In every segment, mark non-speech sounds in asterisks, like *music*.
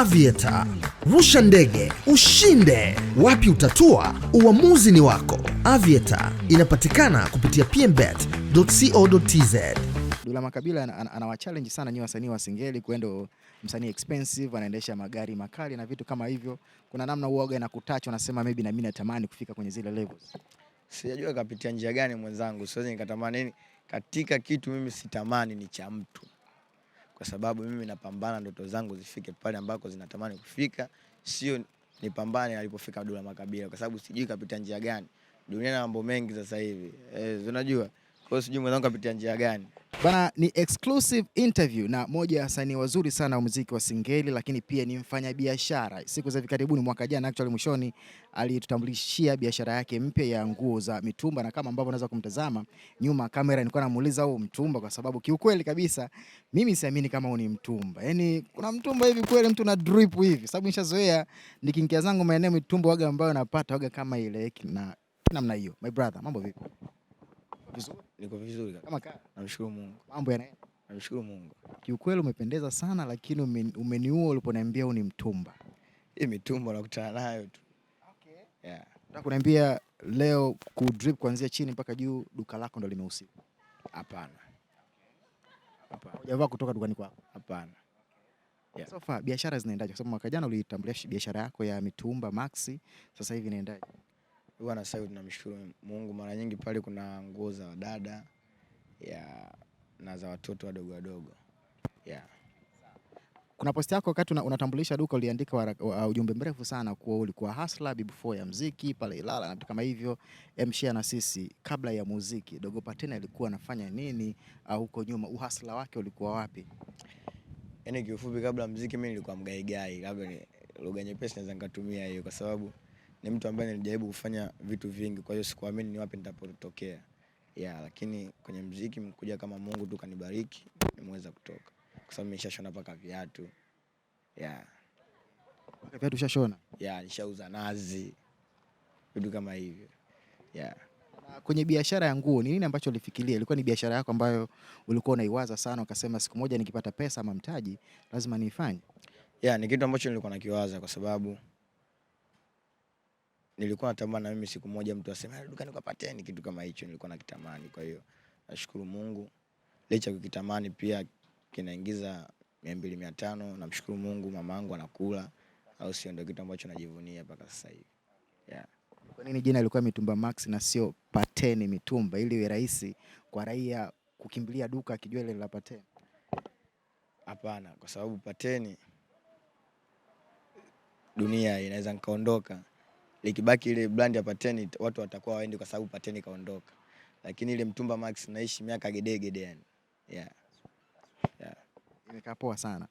Aviator. Rusha ndege, ushinde. Wapi utatua? Uamuzi ni wako. Aviator inapatikana kupitia pmbet.co.tz. Dula Makabila an, an, anawachallenge sana nyinyi wasanii wa Singeli kwenda msanii expensive anaendesha magari makali na vitu kama hivyo. Kuna namna uoga na kutacha unasema maybe na mimi natamani kufika kwenye zile levels. Sijajua kapitia njia gani mwenzangu, siwezi nikatamani nini yaani katika kitu mimi sitamani ni cha mtu kwa sababu mimi napambana ndoto zangu zifike pale ambako zinatamani kufika, sio nipambane alipofika dola Makabila, kwa sababu sijui kapita njia gani. Dunia na mambo mengi sasa hivi eh, unajua kwa hiyo sijui mwenzangu apitia njia gani. Bana, ni exclusive interview na moja ya wasanii wazuri sana wa muziki wa Singeli, lakini pia ni mfanyabiashara. Siku za hivi karibuni, mwaka jana actually, mwishoni alitutambulishia biashara yake mpya ya nguo za mitumba, na kama ambavyo unaweza kumtazama nyuma kamera, nilikuwa namuuliza huo mtumba, kwa sababu kiukweli kabisa mimi siamini kama huu ni mtumba. Yaani kuna mtumba hivi kweli, mtu na drip hivi? Sababu nishazoea nikiingia zangu maeneo mitumba waga ambayo napata waga kama ile na namna hiyo. My brother, mambo vipi? Vizuri, niko vizuri Kama Namshukuru Mungu. Mambo yanaenda. Namshukuru Mungu. Kiukweli umependeza sana lakini umeniua uliponiambia huu ni mtumba. Hii mitumba nakutana nayo tu. Okay. Yeah. Nataka kuniambia leo ku drip kuanzia chini mpaka juu duka lako ndo limehusika. Hapana. Hapana. Hujavaa kutoka dukani kwako. Hapana. Yeah. So far biashara zinaendaje? Kwa sababu mwaka jana ulitambulisha biashara yako ya mitumba Maxi, sasa hivi inaendaje? Bwana sasa tunamshukuru Mungu, mara nyingi pale kuna nguo za dada ya na za watoto wadogo wadogo yeah. Kuna posti yako wakati unatambulisha duka uliandika ujumbe mrefu sana kuwa ulikuwa hasla before ya mziki pale Ilala na vitu kama hivyo. Mshare na sisi, kabla ya muziki Dogo Patena alikuwa anafanya nini? Uh, huko nyuma uhasla wake ulikuwa wapi? Yaani kiufupi, kabla muziki mimi nilikuwa mgaigai, labda lugha nyepesi naweza nikatumia hiyo kwa sababu ni mtu ambaye nilijaribu kufanya vitu vingi, kwa hiyo sikuamini ni wapi nitapotokea. Yeah, lakini kwenye mziki mkuja kama Mungu tu kanibariki, nimeweza kutoka kwa sababu nimeshashona mpaka viatu. Yeah. Mpaka viatu ushashona? Yeah, nishauza nazi vitu kama hivyo. Yeah. Kwenye biashara ya nguo ni nini ambacho ulifikiria? Ilikuwa ni biashara yako ambayo ulikuwa unaiwaza sana, ukasema siku moja nikipata pesa ama mtaji lazima niifanye? Yeah, ni kitu ambacho nilikuwa nakiwaza kwa sababu nilikuwa natamani na mimi siku moja mtu aseme dukani kapateni kitu kama hicho, nilikuwa nakitamani. Kwa hiyo nashukuru Mungu, licha kukitamani pia kinaingiza mia mbili mia tano. Namshukuru Mungu mamangu anakula, au sio? Ndio kitu ambacho najivunia mpaka sasa hivi yeah. Kwa nini jina ilikuwa Mitumba Max na sio Pateni Mitumba, ili iwe rahisi kwa raia kukimbilia duka akijua ile la Pateni? Hapana, kwa sababu Pateni dunia inaweza nikaondoka likibaki ile brand ya Pateni watu watakuwa waende kwa sababu Pateni kaondoka, lakini ile Mtumba Max naishi miaka gedegede yani. Yeah. Yeah. Imekaa poa sana.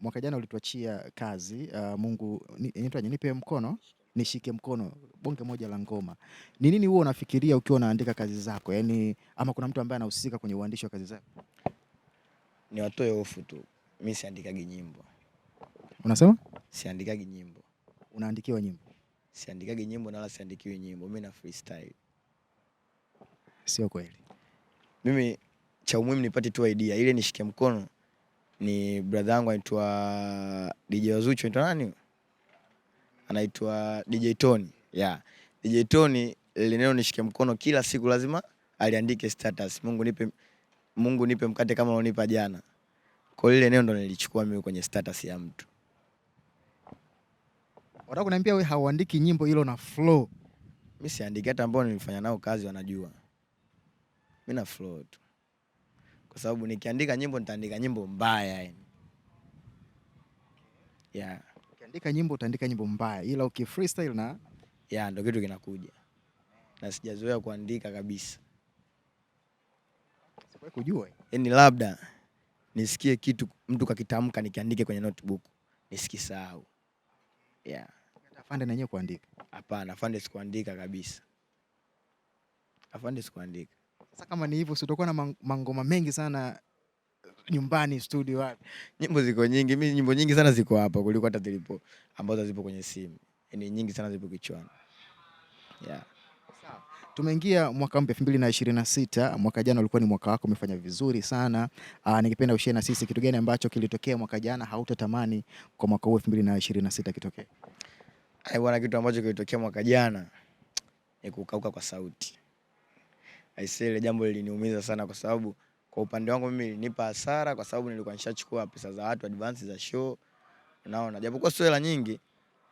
Mwaka jana ulituachia kazi uh, Mungu inaitwa nipe mkono nishike mkono, bonge moja la ngoma. Ni nini huo unafikiria ukiwa unaandika kazi zako Yaani ama kuna mtu ambaye anahusika kwenye uandishi wa kazi zako? Ni watoe hofu tu, Mimi siandikagi nyimbo. Unasema siandikagi nyimbo? Unaandikiwa nyimbo siandikagi nyimbo na wala siandikiwi nyimbo, mimi na freestyle. Sio kweli. Mimi cha umuhimu nipate tu idea ile, nishike mkono ni brother yangu anaitwa DJ Wazuchu, anaitwa nani? Anaitwa DJ Tony. Yeah. DJ Tony lineno nishike mkono kila siku lazima aliandike status. Mungu nipe, Mungu nipe mkate kama ulionipa jana. Kwa hiyo lile neno ndo nilichukua mimi kwenye status ya mtu. Wataka kuniambia wewe hauandiki nyimbo hilo na flow. Mimi siandiki hata ambao nilifanya nao kazi wanajua. Mimi na flow tu. Kwa sababu nikiandika nyimbo nitaandika nyimbo mbaya yani. Yeah. Ukiandika nyimbo utaandika nyimbo mbaya ila uki freestyle na yeah, ndio kitu kinakuja. Na sijazoea kuandika kabisa. Sikwai kujua. Yaani labda nisikie kitu mtu kakitamka nikiandike kwenye notebook nisikisahau. Yeah. Afande na yeye kuandika? Hapana, afande sikuandika kabisa. Afande sikuandika. Sasa kama ni hivyo, si utakuwa na mangoma mengi sana nyumbani, studio, wapi? Nyimbo ziko nyingi, mimi nyimbo nyingi sana ziko hapa kuliko hata zilipo ambazo zipo kwenye simu, yaani nyingi sana zipo kichwani yeah. Tumeingia mwaka mpya elfu mbili na ishirini na sita. Mwaka jana ulikuwa ni mwaka wako, umefanya vizuri sana. Ah, ningependa ushare na sisi kitu gani ambacho kilitokea mwaka jana hautatamani kwa mwaka huu elfu mbili na ishirini na sita kitokee. Bwana, kitu ambacho kilitokea mwaka jana ni kukauka kwa sauti. Aisee, ile jambo liliniumiza sana, kwa sababu kwa upande wangu mimi ilinipa hasara, kwa sababu nilikuwa nishachukua pesa za watu, advance za show, unaona, japokuwa sio hela nyingi,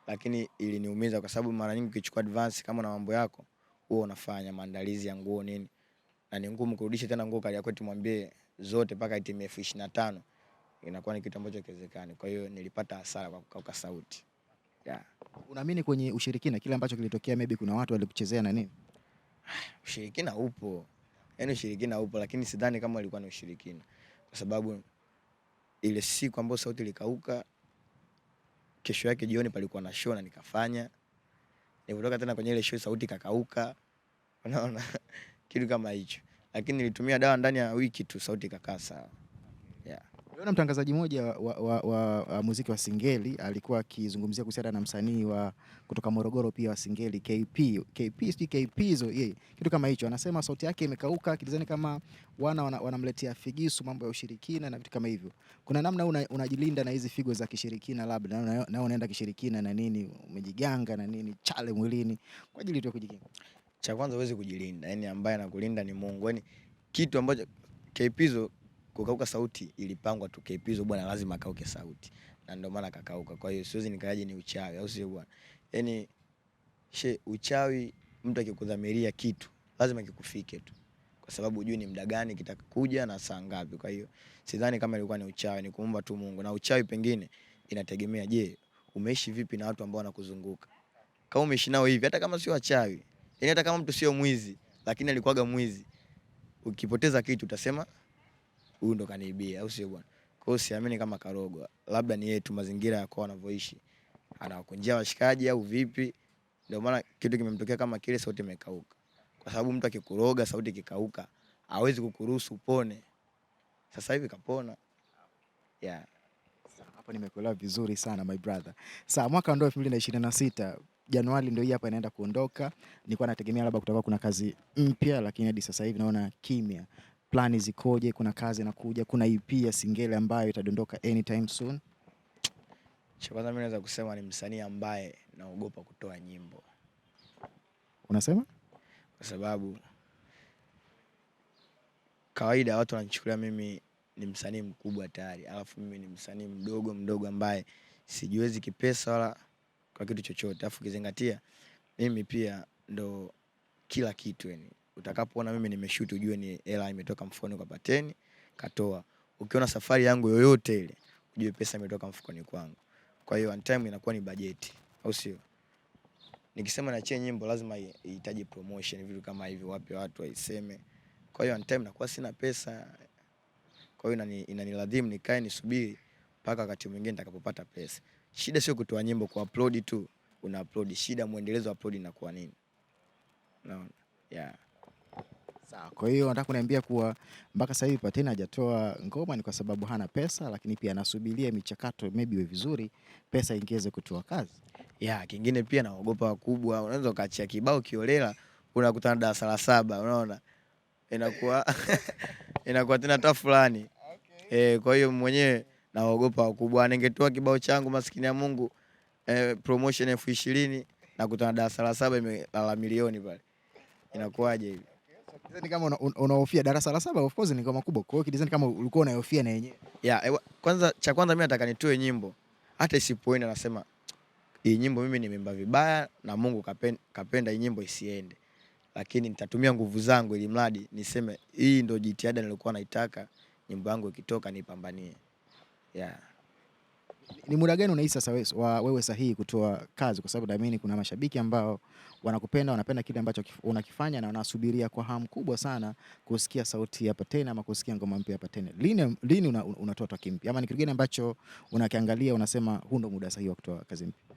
lakini iliniumiza kwa sababu mara nyingi ukichukua advance kama na mambo yako, huwa unafanya maandalizi ya nguo nini, na ni ngumu kurudisha tena nguo kali yako tumwambie zote mpaka itimie elfu ishirini na tano inakuwa ni kitu ambacho kiwezekani. Kwa hiyo nilipata hasara kwa kukauka sauti yeah. Unaamini kwenye ushirikina kile ambacho kilitokea, maybe kuna watu walikuchezea na nini? *sighs* Ushirikina upo, yaani ushirikina upo, lakini sidhani kama walikuwa na ushirikina, kwa sababu ile siku ambayo sauti ilikauka, kesho yake jioni palikuwa na show na nikafanya, nilivyotoka tena kwenye ile show sauti kakauka, unaona *laughs* kitu kama hicho, lakini nilitumia dawa ndani ya wiki tu, sauti ikakaa sawa. Nimeona mtangazaji mmoja wa, wa, wa, wa wa muziki wa Singeli alikuwa akizungumzia kuhusiana na msanii wa kutoka Morogoro pia wa Singeli KP KP sijui KP hizo yeye kitu kama hicho, anasema sauti yake imekauka kidizani kama wana wanamletea wana figisu mambo ya ushirikina na vitu kama hivyo. Kuna namna una, unajilinda na hizi figo za kishirikina, labda na, na unaenda kishirikina na nini, umejiganga na nini chale mwilini kwa ajili tu ya kujikinga. Cha kwanza huwezi kujilinda, yani ambaye anakulinda ni Mungu, yani kitu ambacho KP hizo kukauka sauti ilipangwa tu, KP hizo bwana lazima akauke sauti na ndio maana akakauka Kwa hiyo siwezi nikaje ni uchawi au sio bwana? yani she uchawi, mtu akikudhamiria kitu lazima kikufike tu, kwa sababu hujui ni muda gani kitakuja na saa ngapi. Kwa hiyo sidhani kama ilikuwa ni uchawi, ni kuomba tu Mungu. Na uchawi pengine inategemea, je, umeishi vipi na watu ambao wanakuzunguka? Kama umeishi nao hivi, hata kama sio wachawi, yani hata kama mtu sio mwizi, lakini alikuwaga mwizi, ukipoteza kitu utasema huyu ndo kaniibia, au sio bwana? Kwa hiyo siamini kama karogwa, labda ni yetu mazingira yako wanavyoishi, anawakunjia washikaji au vipi? Ndio maana kitu kimemtokea kama kile, sauti imekauka, kwa sababu mtu akikuroga sauti kikauka, hawezi kukuruhusu upone. Sasa hivi kapona, yeah. Hapo nimekuelewa vizuri sana my brother. Sasa mwaka ndio 2026 Januari ndio hii hapa inaenda kuondoka. Nilikuwa nategemea labda kutakuwa kuna kazi mpya, lakini hadi sasa hivi naona kimya plani zikoje? Kuna kazi inakuja, kuna EP ya singeli ambayo itadondoka anytime soon? Cha kwanza mimi naweza kusema ni msanii ambaye naogopa kutoa nyimbo. Unasema? Kwa sababu kawaida watu wananichukulia mimi ni msanii mkubwa tayari, alafu mimi ni msanii mdogo mdogo ambaye sijiwezi kipesa wala kwa kitu chochote, alafu ukizingatia mimi pia ndo kila kitu yani utakapoona mimi nimeshuti ujue ni hela imetoka mfukoni kwa Pateni katoa. Ukiona safari yangu yoyote ile ujue pesa imetoka mfukoni kwangu. Kwa hiyo one time inakuwa ni bajeti, au sio? Nikisema niachie nyimbo lazima ihitaji promotion, vitu kama hivi, wape watu waiseme. Kwa hiyo one time nakuwa sina pesa, kwa hiyo inanilazimu nikae nisubiri mpaka wakati mwingine nitakapopata pesa. Shida sio kutoa nyimbo, ku upload tu una upload. Shida muendelezo wa upload inakuwa nini? Unaona? Yeah. Sawa. Kwa hiyo nataka kuniambia kuwa mpaka sasa hivi Patena hajatoa ngoma ni kwa sababu hana pesa, lakini pia anasubiria michakato maybe iwe vizuri, pesa ingeweze kutoa kazi ya kingine. Pia naogopa wakubwa, unaweza ukaachia kibao kiolela, unakutana darasa la saba, unaona inakuwa *laughs* inakuwa tena ta fulani okay. E, kwa hiyo mwenyewe naogopa wakubwa. Ningetoa kibao changu maskini ya Mungu e, promotion elfu ishirini nakutana darasa la saba imelala milioni pale, inakuwaje hivi? Ni kama unahofia darasa la saba, of course ni kama kubwa. Kwa hiyo kama ulikuwa unahofia na yenyewe. Yeah, kwanza cha kwanza mimi nataka nitoe nyimbo. Hata isipoenda nasema hii nyimbo mimi nimeimba vibaya na Mungu kapenda, kapenda hii nyimbo isiende. Lakini nitatumia nguvu zangu ili mradi niseme hii ndio jitihada nilikuwa naitaka, nyimbo yangu ikitoka nipambanie. Yeah ni muda gani unahisi sasa wewe sahihi kutoa kazi, kwa sababu naamini kuna mashabiki ambao wanakupenda, wanapenda kile ambacho unakifanya na wanasubiria kwa hamu kubwa sana kusikia sauti hapa tena ama kusikia ngoma mpya hapa tena. Lini, lini unatoa toki mpya ama ni kitu gani ambacho unakiangalia unasema huu ndo muda sahihi wa kutoa kazi mpya?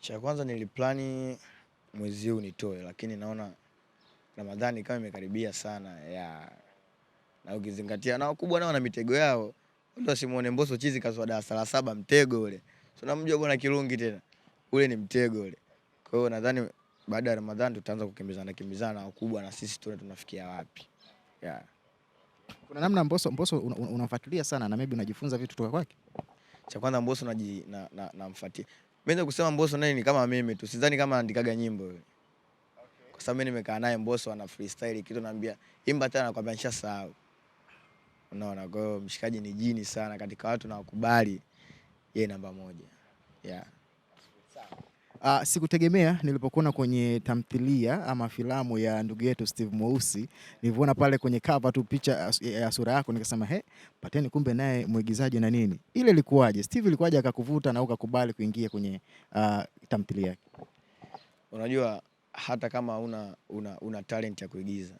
Cha kwanza niliplani mwezi huu nitoe, lakini naona Ramadhani kama imekaribia sana ya na ukizingatia na wakubwa nao na mitego yao Watu wasimuone Mbosso chizi kaswa darasa la saba mtego ule. So namjua bwana Kirungi tena. Ule ni mtego ule. Kwa hiyo nadhani baada ya Ramadhani tutaanza kukimbizana kimbizana wakubwa na sisi tuone tunafikia wapi. Yeah. Kuna namna Mbosso Mbosso unamfuatilia una sana na maybe unajifunza vitu kutoka kwake. Cha kwanza Mbosso naji na, na, namfuatia. Mimi naweza kusema Mbosso naye ni kama mimi tu. Sidhani kama andikaga nyimbo yule. Kwa sababu mimi nimekaa naye Mbosso ana freestyle kitu naambia imba tena nakwambia nishasahau. Unaona, kwa hiyo mshikaji ni jini sana katika watu na wakubali, yeye namba moja yeah. Uh, sikutegemea nilipokuona kwenye tamthilia ama filamu ya ndugu yetu Steve Mweusi, nilivyoona pale kwenye cover tu picha ya sura yako nikasema he, Pateni kumbe naye mwigizaji na nini. Ile ilikuwaje? Steve ilikuwaje akakuvuta na ukakubali kuingia kwenye uh, tamthilia yake? Unajua hata kama una, una, una talent ya kuigiza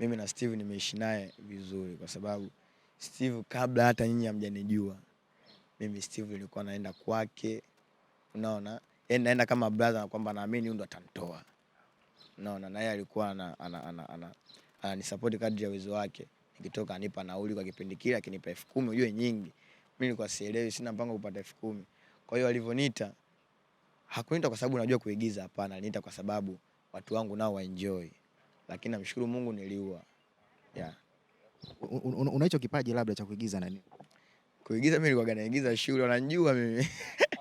mimi na Steve nimeishi naye vizuri, kwa sababu Steve kabla hata nyinyi hamjanijua mimi Steve nilikuwa naenda kwake, unaona, yani naenda kama brother, kwamba naamini huyu ndo atanitoa, unaona, na yeye alikuwa ana ana ana, ana, ana, support kadri ya uwezo wake, nikitoka anipa nauli kwa kipindi kile, akinipa elfu kumi ujue nyingi, mimi nilikuwa sielewi, sina mpango kupata elfu kumi Kwa hiyo alivyoniita hakuniita kwa sababu najua kuigiza, hapana, aliniita kwa sababu watu wangu nao waenjoy lakini namshukuru Mungu niliua. Yeah. Unaicho kipaji labda cha kuigiza na nini? Kuigiza mimi nilikuwa naigiza shule, wananijua mimi. *laughs*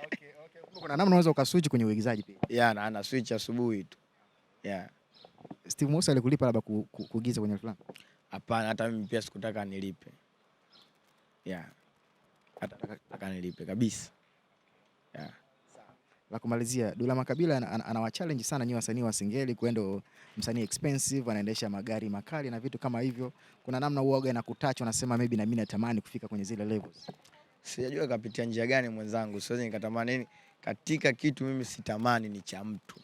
Okay, okay. Kuna namna unaweza ukaswitch kwenye uigizaji pia. Yeah, na ana switch asubuhi tu. Yeah. Steve Musa alikulipa labda kuigiza kwenye filamu? Hapana, hata mimi pia sikutaka nilipe. Yeah. Hata nataka nilipe kabisa. Yeah la kumalizia, Dula Makabila anawachallenge sana nyinyi wasanii wa Singeli, kwendo msanii expensive anaendesha magari makali na vitu kama hivyo, kuna namna uoga na kutach, unasema maybe na mimi natamani kufika kwenye zile levels. Sijajua kapitia njia gani mwenzangu, siwezi nikatamani nini katika kitu mimi sitamani ni cha mtu,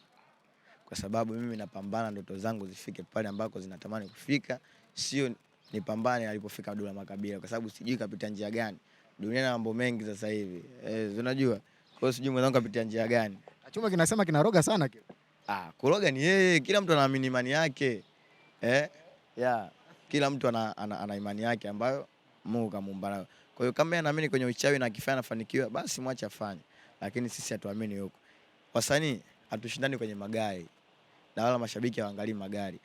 kwa sababu mimi napambana ndoto zangu zifike pale ambako zinatamani kufika, sio nipambane alipofika Dula Makabila, kwa sababu sijui kapitia njia gani. Dunia na mambo mengi sasa hivi eh, unajua kwa hiyo sijui mwenzangu kapitia njia gani. Chuma kinasema kinaroga sana kile. Ah, kuroga ni yeye, kila mtu anaamini imani yake eh? Yeah. Kila mtu ana, ana, ana imani yake ambayo Mungu kamuumba nayo. Kwa hiyo kama anaamini kwenye uchawi na akifanya anafanikiwa, basi mwache afanye, lakini sisi hatuamini huko. Wasanii hatushindani kwenye magari na wala mashabiki hawaangalii magari.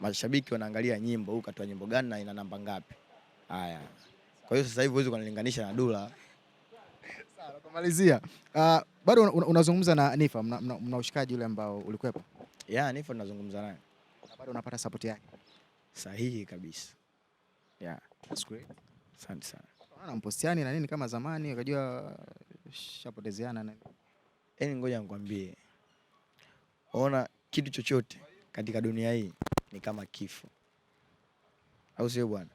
Mashabiki wanaangalia nyimbo, huyu katoa nyimbo gani na ina namba ngapi? Haya, kwa hiyo sasa hivi huwezi kunilinganisha na Dula kumalizia uh, bado unazungumza na Nifa, mna, mna, mna ushikaji yule ambao ulikuwepo? Yeah, Nifa tunazungumza naye na bado unapata support yake sahihi kabisa. Yeah, that's Asante sana. Unaona mpostiani na nini kama zamani ukajua eh, shapotezeana na yaani, ngoja nikwambie, ona kitu chochote katika dunia hii ni kama kifo, au sio bwana?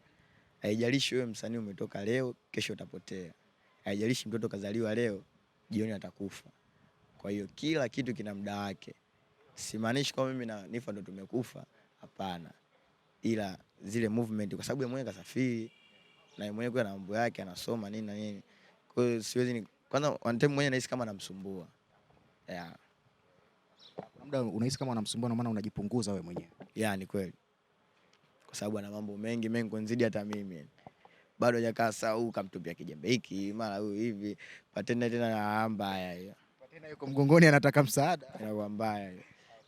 Haijalishi wewe msanii umetoka leo, kesho utapotea haijalishi mtoto kazaliwa leo, jioni atakufa. Kwa hiyo kila kitu kina muda wake. Simaanishi kwamba mimi na Nifa ndo tumekufa, hapana, ila zile movement, kwa sababu yeye mwenyewe kasafiri na yeye mwenyewe kuna mambo yake, anasoma nini na nini. Kwa hiyo siwezi ni kwanza, one time mwenyewe nahisi kama anamsumbua yeah. Muda unahisi kama anamsumbua, na maana unajipunguza wewe mwenyewe yeah. Ni kweli, kwa sababu ana mambo mengi mengi kunzidi hata mimi bado hajakaa sawa, huyu kamtupia kijembe hiki, mara huyu hivi. Patena tena na mbaya hiyo, Patena yuko mgongoni, anataka msaada, inakuwa mbaya hiyo.